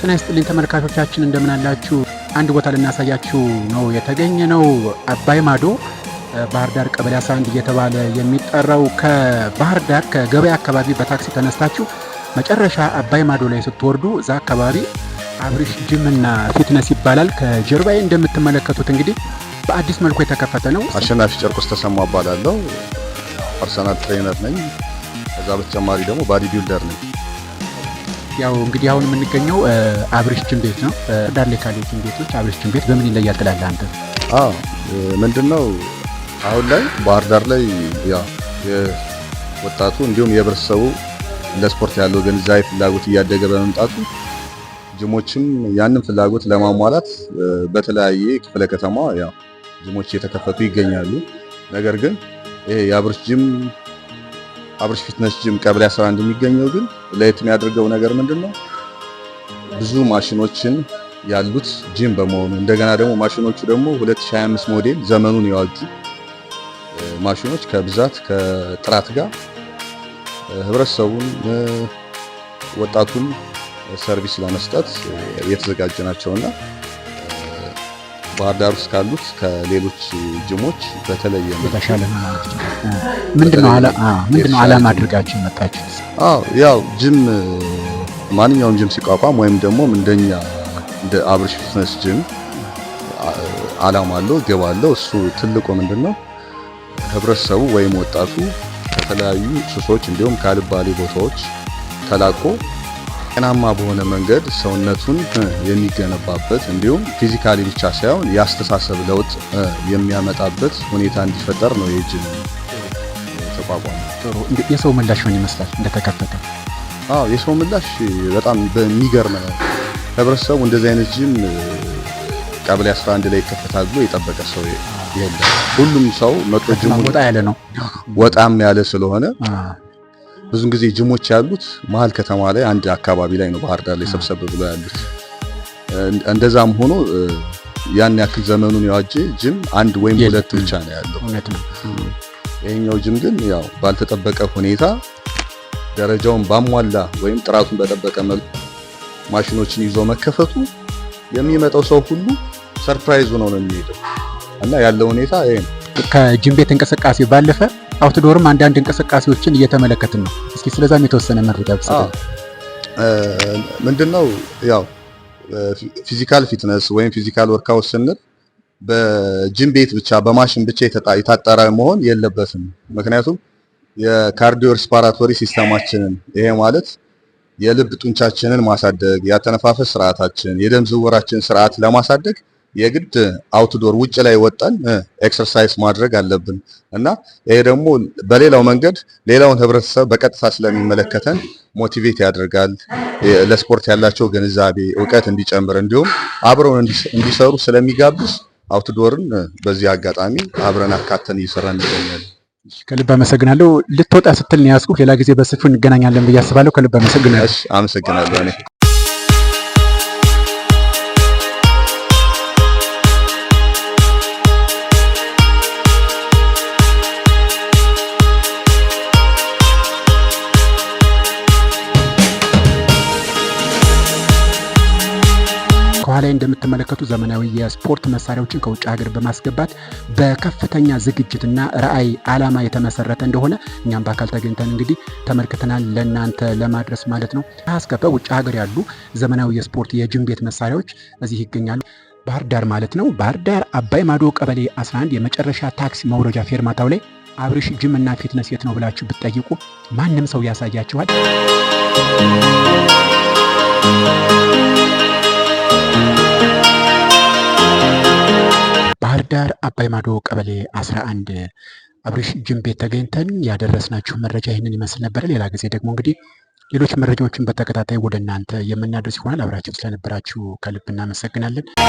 ጤና ይስጥልኝ ተመልካቾቻችን እንደምን አላችሁ? አንድ ቦታ ልናሳያችሁ ነው የተገኘ ነው። አባይ ማዶ ባህር ዳር ቀበሌ 11 እየተባለ የሚጠራው ከባህር ዳር ከገበያ አካባቢ በታክሲ ተነስታችሁ መጨረሻ አባይ ማዶ ላይ ስትወርዱ እዛ አካባቢ አብሪሽ ጅምና ፊትነስ ይባላል። ከጀርባዬ እንደምትመለከቱት እንግዲህ በአዲስ መልኩ የተከፈተ ነው። አሸናፊ ጨርቆስ ተሰማ እባላለሁ። ፐርሰናል ትሬነር ነኝ። ከዛ በተጨማሪ ደግሞ ባዲ ቢልደር ነኝ። ያው እንግዲህ አሁን የምንገኘው አብርሽችን ቤት ነው። ዳር ላይ ቤቶች አብርሽችን ቤት በምን ይለያል ትላለህ አንተ? ምንድን ነው አሁን ላይ ባህር ዳር ላይ ወጣቱ እንዲሁም የህብረተሰቡ ለስፖርት ያለው ግንዛቤ ፍላጎት እያደገ በመምጣቱ ጅሞችም ያንን ፍላጎት ለማሟላት በተለያየ ክፍለ ከተማ ጅሞች እየተከፈቱ ይገኛሉ። ነገር ግን ይሄ የአብርሽ ጅም አብርሽ ፊትነስ ጂም ቀበሌ 11 የሚገኘው ግን ለየት የሚያደርገው ነገር ምንድን ነው? ብዙ ማሽኖችን ያሉት ጂም በመሆኑ እንደገና ደግሞ ማሽኖቹ ደግሞ 2025 ሞዴል ዘመኑን የዋጁ ማሽኖች ከብዛት ከጥራት ጋር ህብረተሰቡን ወጣቱን ሰርቪስ ለመስጠት የተዘጋጀ ናቸውና ባህር ዳር ውስጥ ካሉት ከሌሎች ጅሞች በተለየ የተሻለ ነው ማለት ነው። ምንድን ነው ዓላማ አድርጋችሁ መጣችሁ? አዎ ያው ጅም ማንኛውም ጅም ሲቋቋም ወይም ደግሞ እንደኛ እንደ አብርሽ ፊትነስ ጅም አላማ አለው ግብ አለው። እሱ ትልቁ ምንድነው ህብረተሰቡ ወይም ወጣቱ ከተለያዩ ሱሶች እንዲሁም ከአልባሌ ቦታዎች ተላቆ ጤናማ በሆነ መንገድ ሰውነቱን የሚገነባበት እንዲሁም ፊዚካሊ ብቻ ሳይሆን የአስተሳሰብ ለውጥ የሚያመጣበት ሁኔታ እንዲፈጠር ነው የእጅ ተቋቋመ። የሰው ምላሽ ምን ይመስላል እንደተከፈተ? አዎ የሰው ምላሽ በጣም በሚገርም ነው። ህብረተሰቡ እንደዚህ አይነት ጅም ቀበሌ 11 ላይ ይከፈታል ብሎ የጠበቀ ሰው የለም። ሁሉም ሰው መጦ ጅሙ ወጣ ያለ ነው። ወጣም ያለ ስለሆነ ብዙ ጊዜ ጅሞች ያሉት መሀል ከተማ ላይ አንድ አካባቢ ላይ ነው፣ ባህር ዳር ላይ ሰብሰብ ብሎ ያሉት። እንደዛም ሆኖ ያን ያክል ዘመኑን የዋጀ ጅም አንድ ወይም ሁለት ብቻ ነው ያለው። ይሄኛው ጅም ግን ያው ባልተጠበቀ ሁኔታ ደረጃውን ባሟላ ወይም ጥራቱን በጠበቀ መልኩ ማሽኖችን ይዞ መከፈቱ የሚመጣው ሰው ሁሉ ሰርፕራይዝ ሆኖ ነው የሚሄደው እና ያለው ሁኔታ ይሄ ነው። ከጅም ቤት እንቅስቃሴ ባለፈ አውትዶርም አንዳንድ እንቅስቃሴዎችን እየተመለከትን ነው። እስኪ ስለዛም የተወሰነ መረጃ ምንድን ነው ያው ፊዚካል ፊትነስ ወይም ፊዚካል ወርካውት ስንል በጅም ቤት ብቻ በማሽን ብቻ የታጠረ መሆን የለበትም። ምክንያቱም የካርዲዮ ሪስፓራቶሪ ሲስተማችንን ይሄ ማለት የልብ ጡንቻችንን ማሳደግ፣ ያተነፋፈስ ስርዓታችን፣ የደም ዝውውራችን ስርዓት ለማሳደግ የግድ አውትዶር ውጭ ላይ ወጠን ኤክሰርሳይዝ ማድረግ አለብን እና ይሄ ደግሞ በሌላው መንገድ ሌላውን ህብረተሰብ በቀጥታ ስለሚመለከተን ሞቲቬት ያደርጋል። ለስፖርት ያላቸው ግንዛቤ እውቀት እንዲጨምር እንዲሁም አብረውን እንዲሰሩ ስለሚጋብዝ አውትዶርን በዚህ አጋጣሚ አብረን አካተን እየሰራን እንገኛለን። ከልብ አመሰግናለሁ። ልትወጣ ስትል ነው ያዝኩ። ሌላ ጊዜ በሰፊው እንገናኛለን ብዬ አስባለሁ። ከልብ አመሰግናለሁ። አመሰግናለሁ እኔ ላይ እንደምትመለከቱ ዘመናዊ የስፖርት መሳሪያዎችን ከውጭ ሀገር በማስገባት በከፍተኛ ዝግጅትና ራዕይ ዓላማ የተመሰረተ እንደሆነ እኛም በአካል ተገኝተን እንግዲህ ተመልክተናል ለእናንተ ለማድረስ ማለት ነው። አስከፈ ውጭ ሀገር ያሉ ዘመናዊ የስፖርት የጅም ቤት መሳሪያዎች እዚህ ይገኛሉ። ባህር ዳር ማለት ነው። ባህር ዳር አባይ ማዶ ቀበሌ 11 የመጨረሻ ታክሲ መውረጃ ፌርማታው ላይ አብርሽ ጅም እና ፊትነስ የት ነው ብላችሁ ብትጠይቁ ማንም ሰው ያሳያችኋል። ባህር ዳር አባይ ማዶ ቀበሌ 11 አብሪሽ ጅም ቤት ተገኝተን ያደረስናችሁ መረጃ ይህንን ይመስል ነበር። ሌላ ጊዜ ደግሞ እንግዲህ ሌሎች መረጃዎችን በተከታታይ ወደ እናንተ የምናደርስ ይሆናል። አብራችሁ ስለነበራችሁ ከልብ እናመሰግናለን።